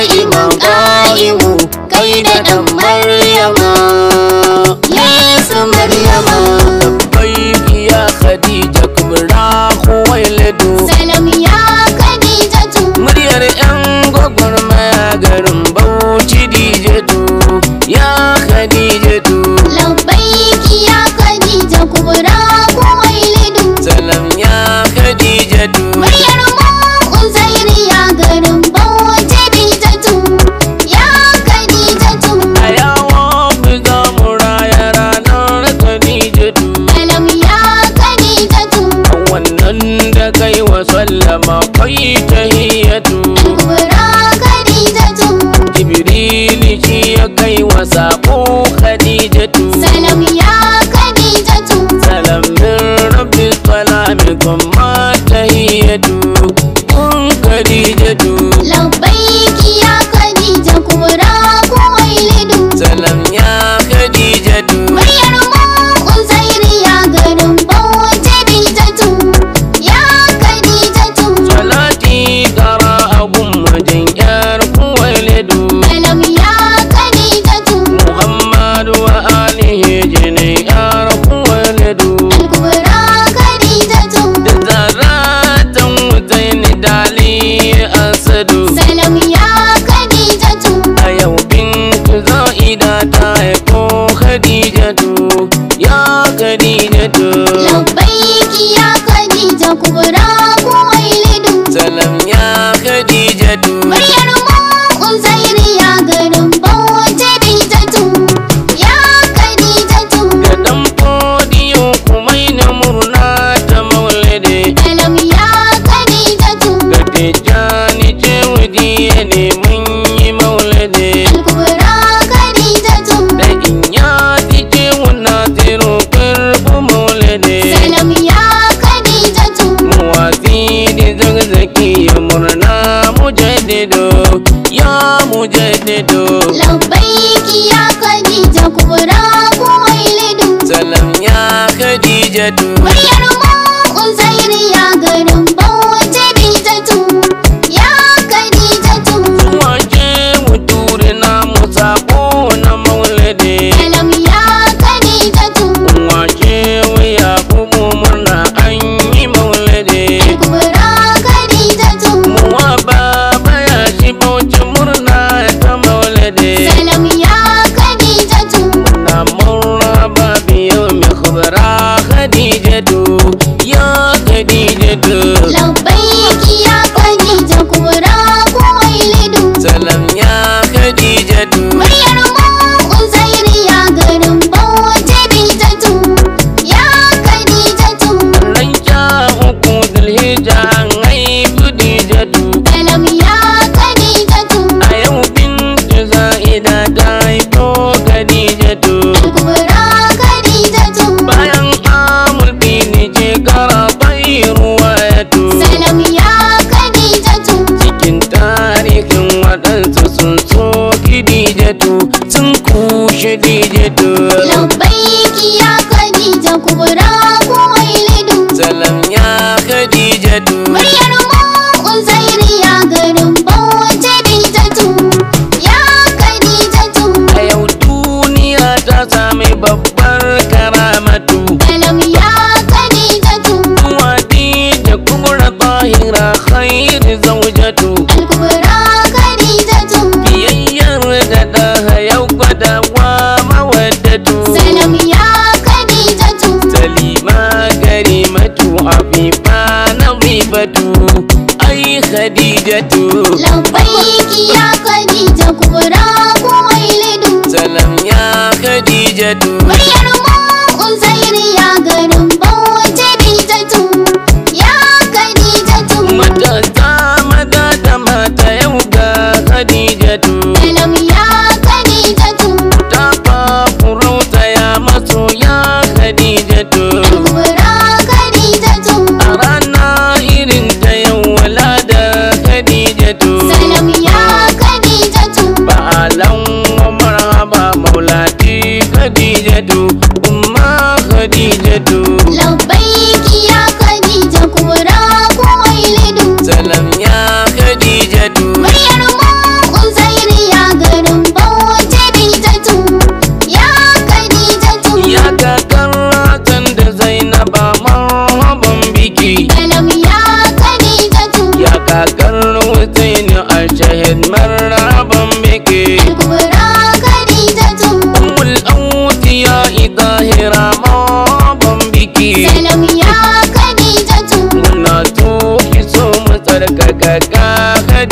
ƙa'ima ƙa'imu kai da ɗan maryama yesu maryama baiki ya khadija kubra huwailadu salam ya khadija tu muryar yan gwagwarmaya garin need a time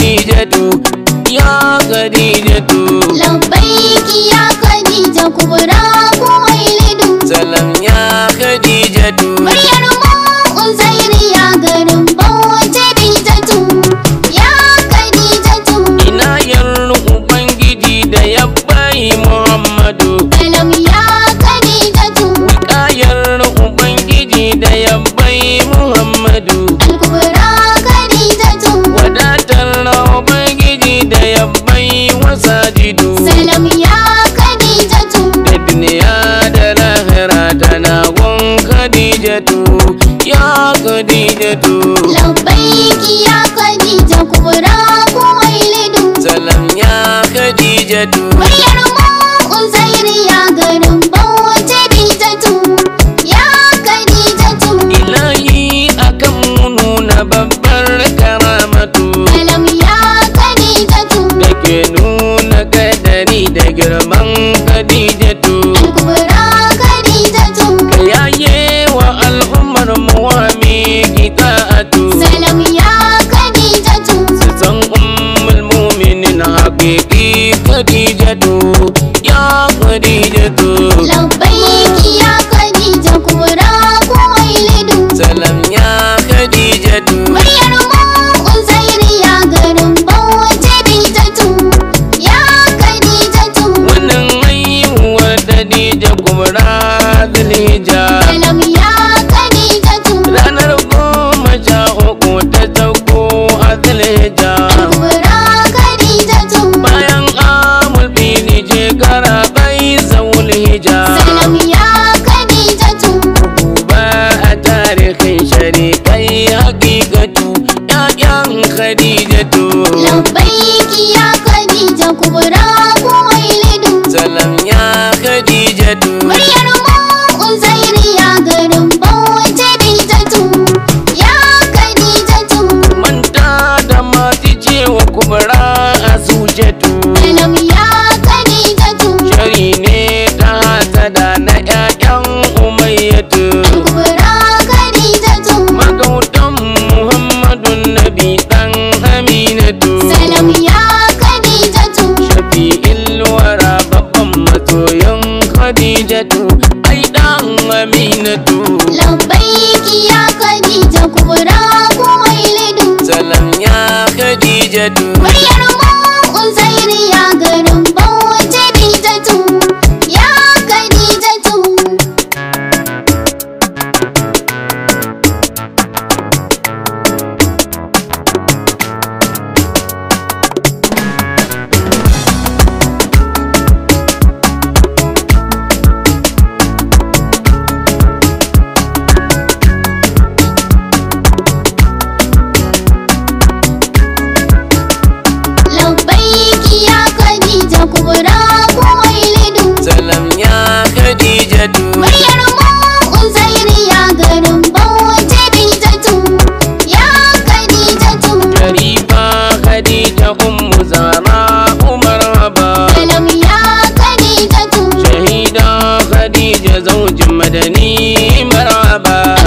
khadijatu ya khadijatu labbaiki ya khadija kubra kuwailidu salam ya khadijatu get to Imbaraba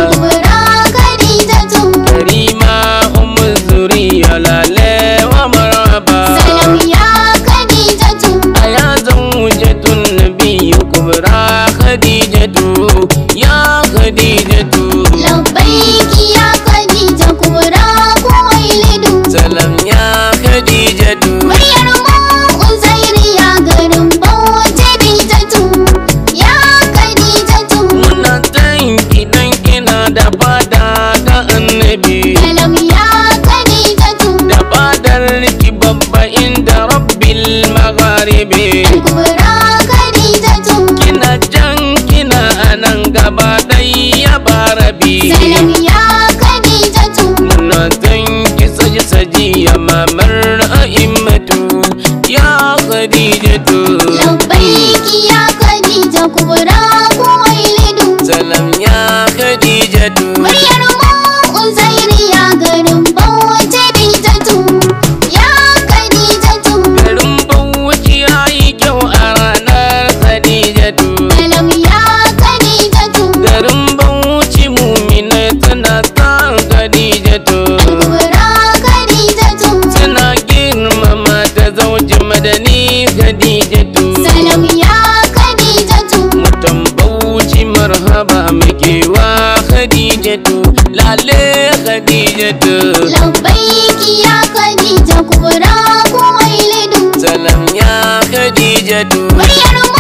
Khadijatu. Muryar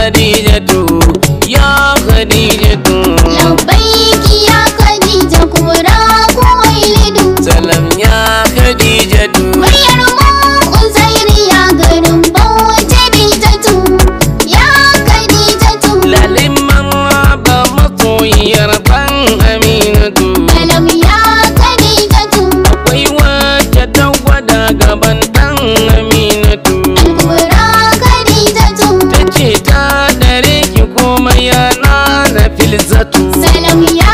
khadijatu ya khadijatu labbaiki ya khadija kura ko salam ya khadijatu muryar Filizatu Selam ya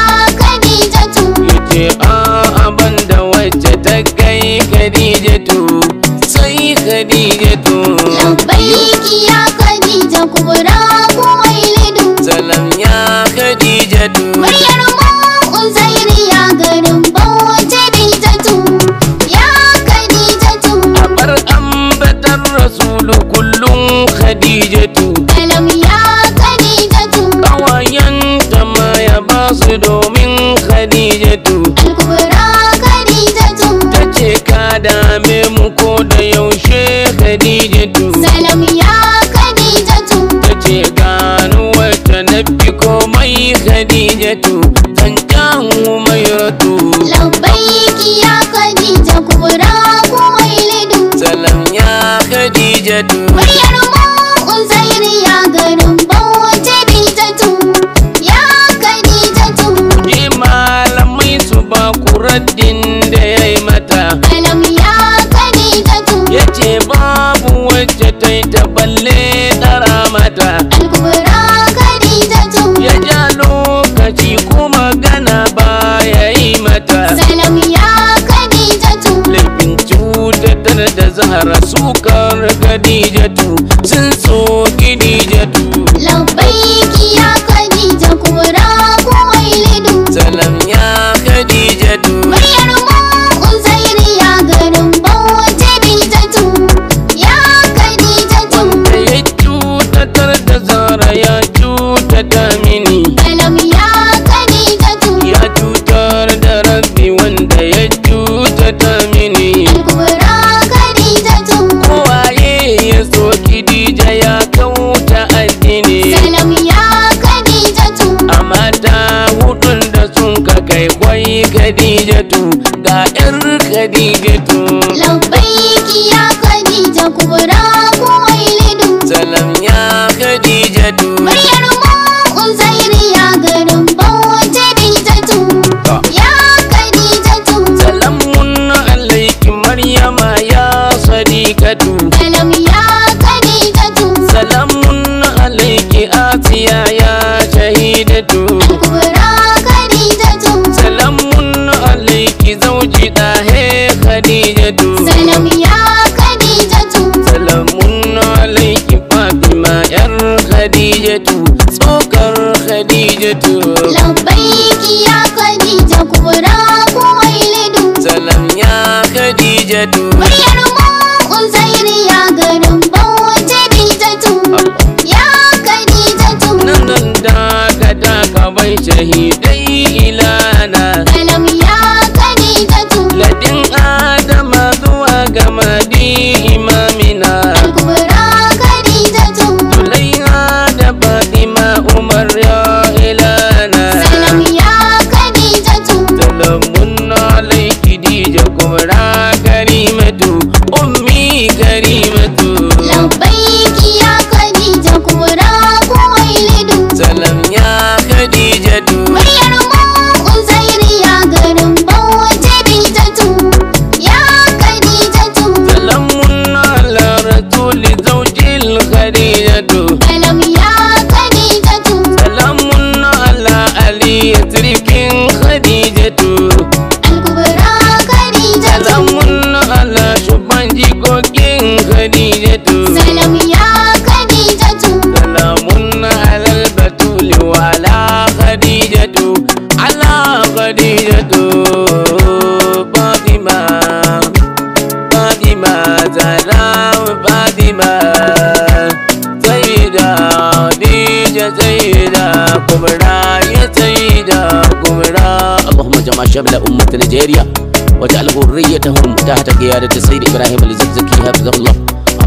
Khadijatu Kubra Khadijatu Tace ka dame mu ko da yaushe Khadijatu Salam ya Khadijatu Tace ganuwar nabi nafi komai Khadijatu DJ Muryar khadijatu tsokar khadijatu labbaiki ya khadija kubra kuwailidu salam ya khadijatu ni je شمل أمة نيجيريا واجعل ذريتهم تحت قيادة السيد إبراهيم الزكزكي حفظه الله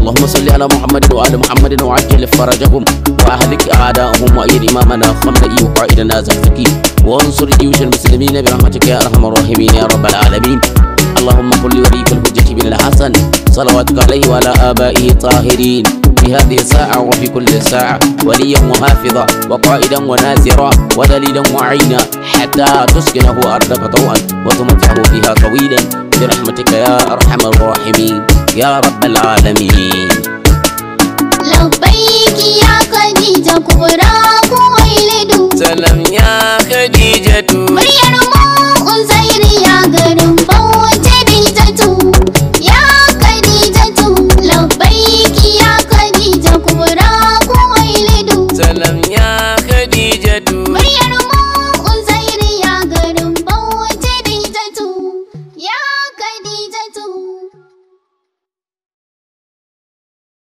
اللهم صل على محمد وعلى محمد وعجل فرجهم وأهلك أعداءهم وأيد إمامنا خمدئي وقائدنا زكزكي وانصر جيوش المسلمين برحمتك يا أرحم الراحمين يا رب العالمين اللهم كل وليك الحجة بن الحسن صلواتك عليه وعلى آبائه الطاهرين في هذه الساعة وفي كل ساعة وليا وحافظا وقائدا ونازرا ودليلا وعينا حتى تسكنه أرضك طوعا وتمتعه فيها طويلا برحمتك يا أرحم الراحمين يا رب العالمين لبيك يا خديجة كبراك ويلد سلام يا خديجة مريم أم زير يا قرم